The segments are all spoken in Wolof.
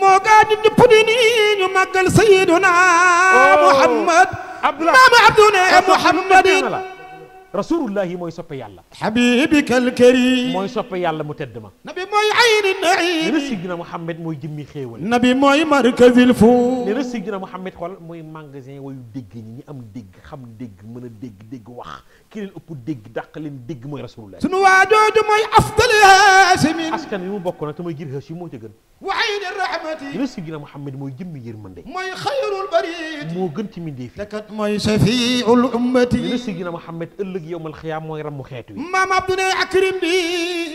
moo gaa ñun ñëpp di nii ñu màggal sayyiduna oh, Muhammad Abdoulaye maama Abdoulaye Muhammadin rasulullahi mooy soppe yàlla. habibika alkarim. mooy soppe yàlla mu tedd ma. nabi mooy ayni naimi. ne la Sidina Mohamed mooy jëmmi xéewal. nabi mooy markazil fu. ne la Sidina Mohamed xool mooy magasin wayu dégg ñi ñi am dégg xam dégg mën a dégg dégg wax ki leen ëpp dégg dàq leen dégg mooy rasulullah. sunu waajooju mooy afdal haasimin. askan wi mu bokk nag te mooy jir haashim moo ca gën. rahmati yonent Seydina Muhammad mooy jëmmi yërmande mooy xayrul bariyati moo gën ci mindee fi te kat mooy shafiul ummati yonent Seydina Muhammad ëllëg yowmal xiyaam mooy ramu xeetu yi maam Abdu ne akrim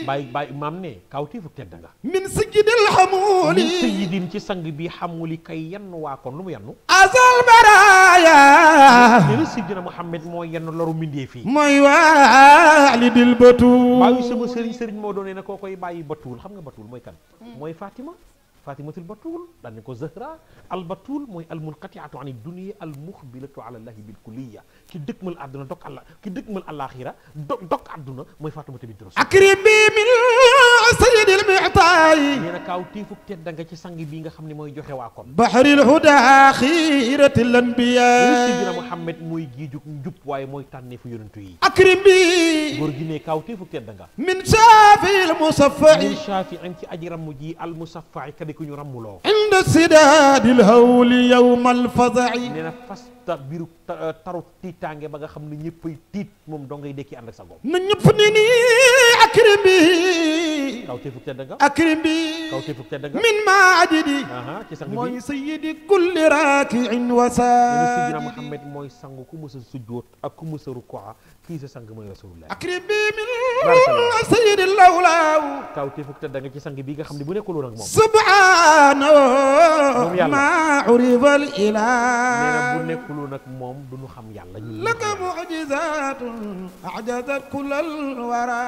bàyyi maam ne kawtéefu tedd nga min sayyidil xamuli min sayyidin ci sang bi xamuli kay yenn waa kon lu mu yennu asal baraya yonent Seydina Muhammad mooy yenn loru mindee fi mooy waalidil batuul bàyyi sama sëriñ sëriñ moo doonee ne koo koy bàyyi batuul xam nga batuul mooy kan hmm. mooy Fatima fatimatul batul daan nañ ko zahra al batul mooy al munqatiatu ani dunia al muxbilatu ala llahi bil kulliya ki dëgmal àdduna dog àlla ki dëgmal àllaaxira dog àdduna mooy fatimatu bintu rasul kaw tiifub tedd nga ci sang bi nga xam ne mooy joxe waa kon bahril huda axiratil anbiya sidina Muhammad mooy giijug waaye mooy tànneefu yonentu yi akrim bi góor gi ne kaw tiifub tedd nga min saafi al musaffa min saafi an ci aji ramm ji al musaffa kadi ku ñu rammuloo inda sidaadil hawli yawma al fazai nee na fas ta biru eh, taru tiitaange ba nga xam ne ñëppay tiit moom dongay dekki ànd ak sa goom na ni ni akrim bi akrim bi min maajidi mooy sayyidi kulli raakiin wa saajidi Muhammad mooy sang ku mës a sujjoot ak ku mës a rukuwa kii sa sang mooy rasulullah akrim bi min sayyidi lawlaaw kaw teefuk tedd nga ci sang bi nga xam ne bu nekkul woon ak moom subhaanahu maa urifa al ilaah bu nekkul woon ak moom du ñu xam yàlla ñu laka mu'jizaatun ajazat kullal wara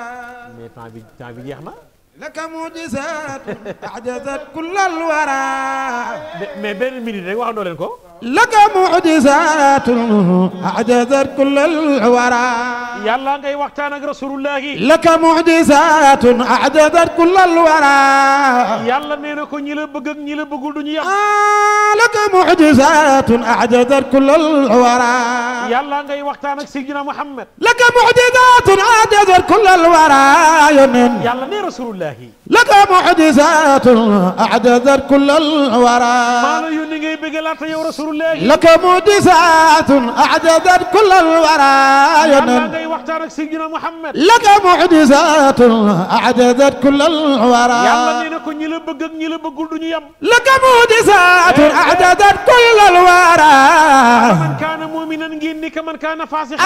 mais temps bi temps bi jeex na laka mujizat ajazat kullal wara mais benn minute rek wax doo leen ko laka mujizat ajazat kullal wara yàlla ngay waxtaan ak rasulullahi laka mujizat ajazat kullal wara yàlla nee na ko ñi la bëgg ak ñi la bëggul duñu yàq laka mujizat ajazat kullal wara yàlla ngay waxtaan ak sayyidina Muhammad laka mujizat الورى يمن يلا ني رسول الله لك معجزات أعجزت كل الورى ما يوني بقلات يا رسول الله لك معجزات أعجزت كل الورى يمن وقتك سيدنا محمد لك معجزات أعجزت كل الورى يلا ني كن يلا بغ يلا بغول دنيا يم لك معجزات أعجزت كل الورى من كان مؤمنا غينك من كان فاسقا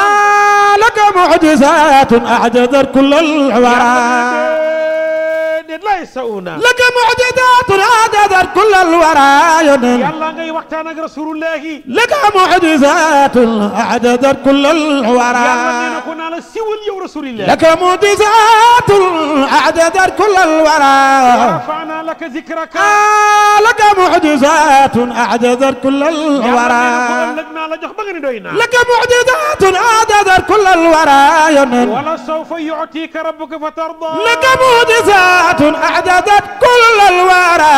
معجزات أعجزت كل الورى لك معجزات أعجزت كل الورى يلا ngay waxtaan ak Rasulullahi لك معجزات أعجزت كل الورى yàlla ko naa la siwal yow Rasulillah لك معجزات أعجزت كل الورى ورفعنا لك ذكرك لك معجزات أعجزت كل الورى yàlla ko naa la jox ba nga ni doy naa لك معجزات أعجزت اختار كل الورى ينن ولسوف يعطيك ربك فترضى لك معجزات أعجزت كل الورى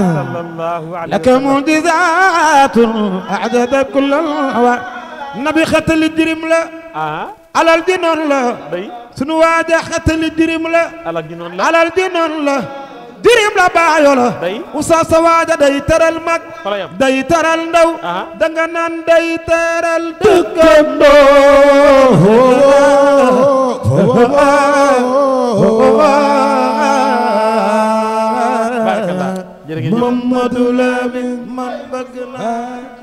صلى الله عليه لك معجزات أعجزت كل الورى نبي ختل الجرم لا آه. على الجنون لا سنواجه ختل الجرم لا على الجنون لا على الجنون لا dirim la baayoo la usa sa waaja day teral mag day teral ndaw danga naan day teral dëkkandoo Mamadou Lamine man bëgg naa